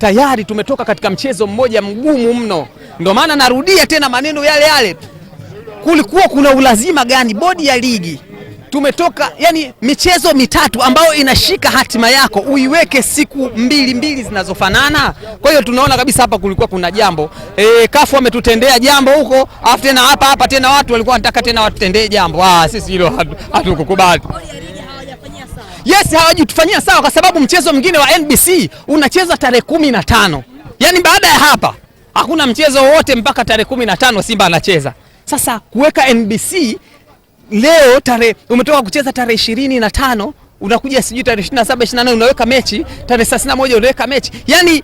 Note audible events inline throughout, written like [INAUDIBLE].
tayari tumetoka katika mchezo mmoja mgumu mno. Ndio maana narudia tena maneno yale yale, kulikuwa kuna ulazima gani bodi ya ligi tumetoka yani, michezo mitatu ambayo inashika hatima yako uiweke siku mbili mbili zinazofanana. Kwa hiyo tunaona kabisa hapa kulikuwa kuna jambo e, kafu ametutendea jambo huko, afu tena hapa hapa tena watu walikuwa wanataka tena watutendee jambo. Ah, sisi hilo hatukukubali hatu Yes, hawajitufanyia sawa, kwa sababu mchezo mwingine wa NBC unacheza tarehe kumi na tano yaani baada ya hapa hakuna mchezo wowote mpaka tarehe kumi na tano Simba anacheza. Sasa kuweka NBC leo tarehe, umetoka kucheza tarehe ishirini na tano unakuja sijui tarehe ishirini na saba ishirini na nane unaweka mechi, tarehe thelathini na moja unaweka mechi yaani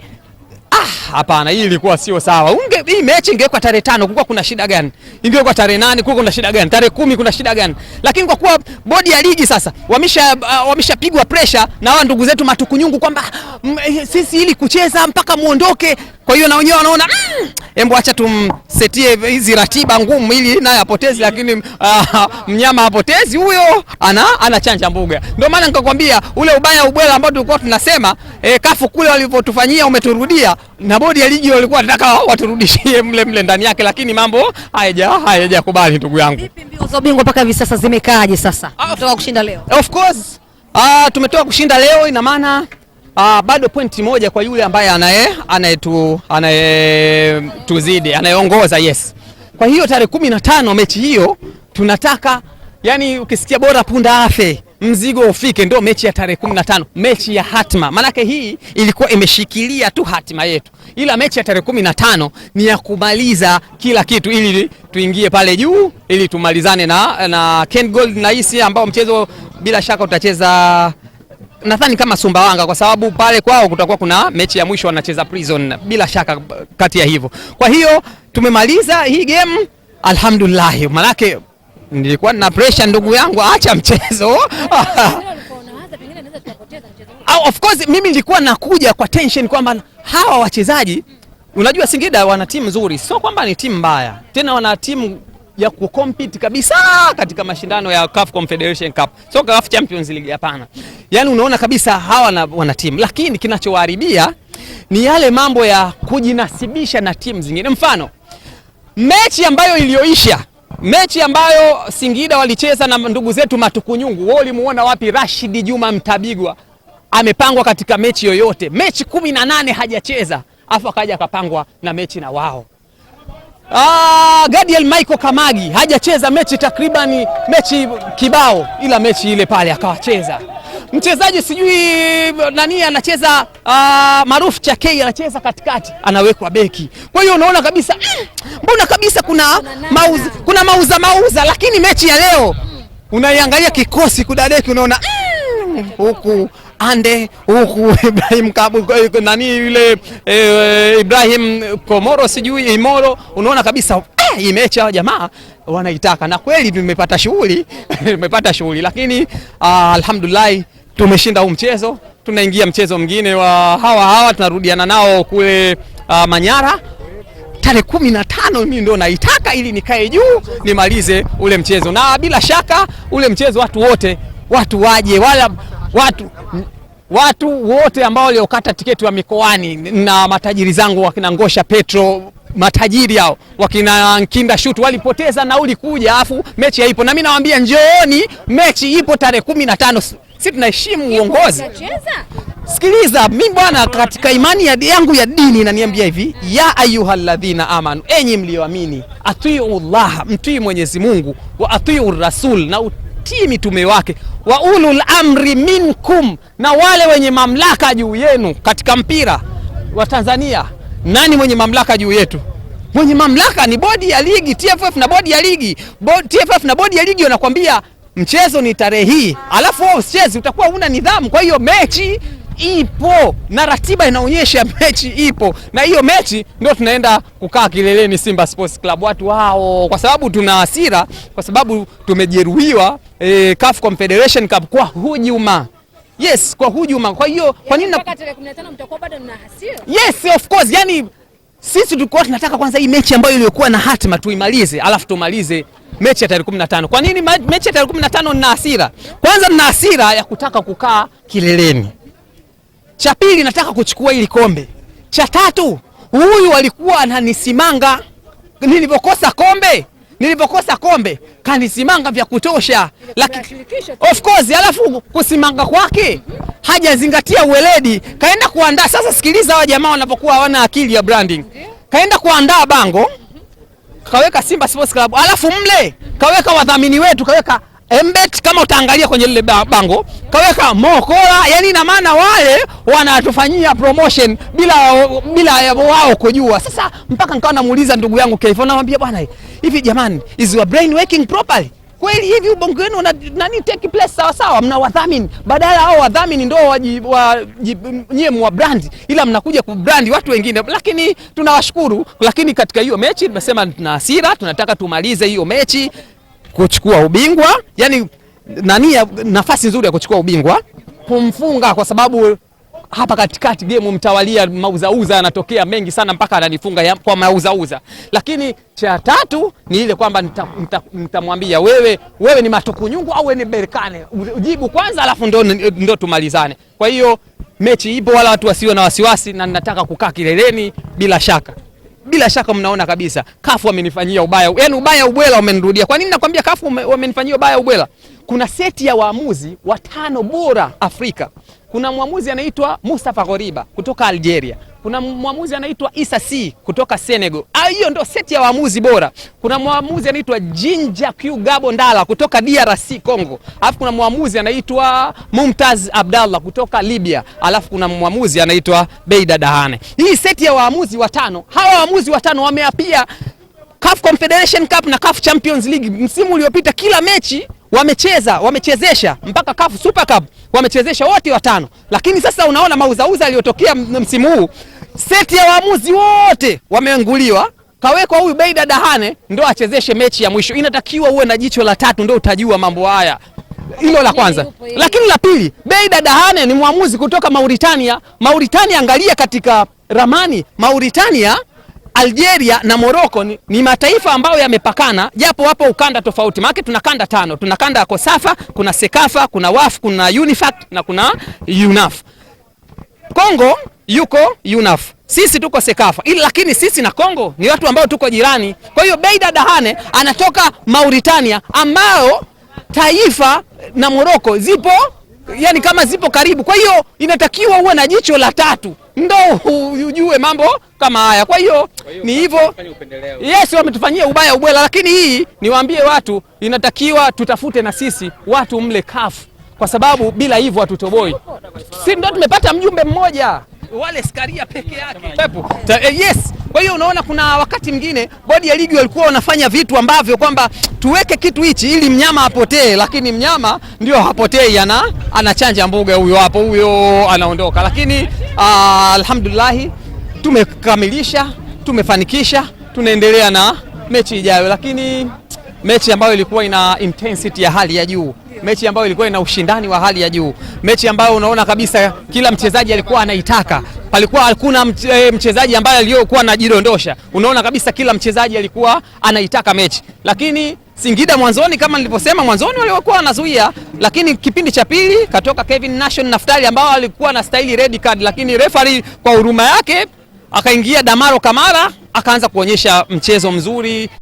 Ah, hapana, hii ilikuwa sio sawa. Unge hii mechi ingekuwa tarehe tano kulikuwa kuna shida gani? Ingekuwa tarehe nane kulikuwa kuna shida gani? Tarehe kumi kuna shida gani? Lakini kwa kuwa bodi ya ligi sasa wamesha uh, wameshapigwa pressure na hawa ndugu zetu matukunyungu kwamba mm, eh, sisi ili kucheza mpaka muondoke. Kwa hiyo na wenyewe wanaona hebu mm, acha tumsetie hizi ratiba ngumu ili naye apotezi, lakini uh, mnyama apotezi huyo ana anachanja mbuga. Ndio maana nikakwambia ule ubaya ubwela ambao tulikuwa tunasema eh, kafu kule walivyotufanyia umeturudia na bodi ya ligi walikuwa wanataka waturudishie mle mle ndani yake, lakini mambo hayaja hayajakubali ndugu yangu. Vipi mbio za ubingwa mpaka hivi sasa zimekaaje? Sasa ah, tumetoka kushinda leo, of course ah, tumetoka kushinda leo, ina maana ah, bado pointi moja kwa yule ambaye anaye anayetu anayetuzidi anayeongoza, yes. Kwa hiyo tarehe kumi na tano mechi hiyo tunataka, yani ukisikia bora punda afe mzigo ufike, ndio mechi ya tarehe 15, mechi ya hatima. Maanake hii ilikuwa imeshikilia tu hatima yetu, ila mechi ya tarehe 15 ni ya kumaliza kila kitu, ili tuingie pale juu, ili tumalizane na, na Ken Gold na Isi, ambao mchezo bila shaka utacheza nadhani kama Sumbawanga kwa sababu pale kwao kutakuwa kuna mechi ya mwisho wanacheza Prison, bila shaka kati ya hivyo. Kwa hiyo tumemaliza hii game alhamdulillah, manake nilikuwa na pressure ndugu yangu, acha mchezo [LAUGHS] ah, Of course mimi nilikuwa nakuja kwa tension kwamba hawa wachezaji, unajua Singida wana timu nzuri, sio kwamba ni timu mbaya, tena wana timu ya kucompete kabisa katika mashindano ya CAF Confederation Cup, sio CAF Champions League, hapana. Yani unaona kabisa hawa wana timu, lakini kinachowaharibia ni yale mambo ya kujinasibisha na timu zingine. Mfano mechi ambayo iliyoisha mechi ambayo Singida walicheza na ndugu zetu Matukunyungu, wewe ulimuona wapi Rashid Juma Mtabigwa amepangwa katika mechi yoyote? Mechi kumi na nane hajacheza afu akaja akapangwa na mechi na wao. Ah, Gadiel Michael Kamagi hajacheza mechi takribani mechi kibao, ila mechi ile pale akawacheza mchezaji sijui nani anacheza uh, maarufu Chakei anacheza katikati anawekwa beki. Kwa hiyo unaona kabisa ah, mbona mm, kabisa kuna mauza, kuna mauza mauza, lakini mechi ya leo unaiangalia kikosi kudadeki, unaona ah, huku ande huku [LAUGHS] Ibrahim Kabu nani yule e, Ibrahim Komoro sijui Imoro, unaona kabisa hii mechi hawa jamaa wanaitaka, na kweli tumepata shughuli tumepata [LAUGHS] shughuli, lakini alhamdulillah tumeshinda huu mchezo, tunaingia mchezo mwingine wa hawa hawa, tunarudiana nao kule uh, Manyara tarehe kumi na tano. Mimi ndio naitaka ili nikae juu nimalize ule mchezo, na bila shaka ule mchezo watu wote watu waje wala watu watu wote ambao waliokata tiketi wa mikoani na matajiri zangu wakina Ngosha Petro, matajiri hao wakina Nkinda Shoot walipoteza nauli kuja, afu mechi haipo, na mimi nawaambia njooni, mechi ipo tarehe kumi na tano si tunaheshimu uongozi. Sikiliza mimi bwana, katika imani ya yangu ya dini naniambia hivi, ya ayuhaladhina amanu, enyi mlioamini, atiullah mtii Mwenyezi Mungu, wa atiu rasul, na utii mitume wake, wa ulul amri minkum, na wale wenye mamlaka juu yenu. Katika mpira wa Tanzania, nani mwenye mamlaka juu yetu? Mwenye mamlaka ni bodi ya ligi TFF na bodi ya ligi. Bo, TFF na bodi ya ligi wanakwambia mchezo ni tarehe hii, alafu wewe usichezi, utakuwa una nidhamu. Kwa hiyo mechi ipo na ratiba inaonyesha mechi ipo, na hiyo mechi ndio tunaenda kukaa kileleni Simba Sports Club. Watu wao kwa sababu tuna hasira, kwa sababu tumejeruhiwa e, CAF Confederation Cup kwa hujuma Yes, kwa hujuma. Kwa hiyo kwa nini na... yes, of course, yani sisi tulikuwa tunataka kwanza hii mechi ambayo iliyokuwa na hatima tuimalize, alafu tumalize mechi ya tarehe 15. Kwa nini mechi ya tarehe 15? Nina hasira kwanza, nina hasira ya kutaka kukaa kileleni, cha pili nataka kuchukua hili kombe, cha tatu huyu alikuwa ananisimanga nilivyokosa kombe nilivyokosa kombe kanisimanga vya kutosha, lakini of course, alafu kusimanga kwake hajazingatia uweledi, kaenda kuandaa. Sasa sikiliza, hawa jamaa wanapokuwa hawana akili ya branding, kaenda kuandaa bango kaweka Simba Sports Club, alafu mle kaweka wadhamini wetu, kaweka Mbet kama utaangalia kwenye lile bango kaweka Mokola, yani ina maana wale wanatufanyia promotion bila bila wao kujua. Sasa mpaka nikawa namuuliza ndugu yangu Keifo, namwambia bwana, hivi jamani, is your brain working properly? Kweli hivi ubongo wenu una nani take place sawa sawa, wadhamini badala hao wadhamini ndio nyie mwa brand, ila mnakuja ku brand watu wengine. Lakini tunawashukuru, lakini katika hiyo mechi tumesema tuna hasira, tunataka tumalize hiyo mechi kuchukua ubingwa, yani nani nafasi nzuri ya kuchukua ubingwa kumfunga kwa sababu hapa katikati game mtawalia, mauzauza yanatokea mengi sana mpaka ananifunga kwa mauzauza. Lakini cha tatu ni ile kwamba nitamwambia nita, nita wewe, wewe ni matukunyungu au wewe ni berkane, ujibu kwanza, alafu ndo, ndo tumalizane. Kwa hiyo mechi ipo, wala watu wasiwe na wasiwasi, na ninataka kukaa kileleni bila shaka bila shaka mnaona kabisa Kafu amenifanyia ubaya, yani ubaya ubwela umenirudia. Kwa nini nakwambia Kafu wamenifanyia ubaya ubwela? Kuna seti ya waamuzi watano bora Afrika kuna mwamuzi anaitwa Mustafa Ghoriba kutoka Algeria. Kuna mwamuzi anaitwa Issa C kutoka Senegal. Ah, hiyo ndio seti ya waamuzi bora. Kuna mwamuzi anaitwa Jinja Q Gabo Ndala kutoka DRC Congo. Alafu kuna mwamuzi anaitwa Mumtaz Abdallah kutoka Libya. Alafu kuna mwamuzi anaitwa Beida Dahane. Hii seti ya waamuzi watano. Hawa waamuzi watano wameapia CAF Confederation Cup na CAF Champions League msimu uliopita, kila mechi wamecheza wamechezesha mpaka CAF Super Cup wamechezesha wote watano, lakini sasa unaona mauzauza aliyotokea msimu huu, seti ya waamuzi wote wameanguliwa, kawekwa huyu Beida Dahane ndo achezeshe mechi ya mwisho. Inatakiwa uwe na jicho la tatu, ndo utajua mambo haya. Hilo la kwanza, lakini la pili, Beida Dahane ni mwamuzi kutoka Mauritania. Mauritania, angalia katika ramani Mauritania Algeria na Morocco ni, ni mataifa ambayo yamepakana japo wapo ukanda tofauti. Maana tuna kanda tano, tuna kanda ya Kosafa, kuna Sekafa, kuna WAF, kuna UNIFAC na kuna UNAF. Kongo yuko UNAF. Sisi tuko Sekafa. Ili lakini sisi na Kongo ni watu ambao tuko jirani. Kwa hiyo Beida Dahane anatoka Mauritania ambao taifa na Morocco zipo yani kama zipo karibu. Kwa hiyo inatakiwa uwe na jicho la tatu ndo ujue mambo kama haya. Kwa hiyo ni hivyo, yes, wametufanyia ubaya ubwela, lakini hii niwaambie watu, inatakiwa tutafute na sisi watu mle kafu, kwa sababu bila hivyo hatutoboi. Si ndo tumepata mjumbe mmoja wale Skaria peke yake pepo. Eh, yes. Kwa hiyo unaona kuna wakati mwingine bodi ya ligi walikuwa wanafanya vitu ambavyo kwamba tuweke kitu hichi ili mnyama apotee, lakini mnyama ndio hapotei, ana anachanja mbuga, huyo hapo, huyo anaondoka. Lakini aa, ah, alhamdulillahi tumekamilisha, tumefanikisha, tunaendelea na mechi ijayo, lakini mechi ambayo ilikuwa ina intensity ya hali ya juu mechi ambayo ilikuwa ina ushindani wa hali ya juu, mechi ambayo unaona kabisa kila mchezaji alikuwa anaitaka palikuwa hakuna eh, mchezaji ambaye aliyokuwa anajidondosha. Unaona kabisa kila mchezaji alikuwa anaitaka mechi, lakini Singida mwanzoni, kama nilivyosema mwanzoni, waliokuwa wanazuia, lakini kipindi cha pili katoka Kevin Nation Naftali ambao alikuwa na staili red card, lakini referee kwa huruma yake akaingia Damaro Kamara akaanza kuonyesha mchezo mzuri.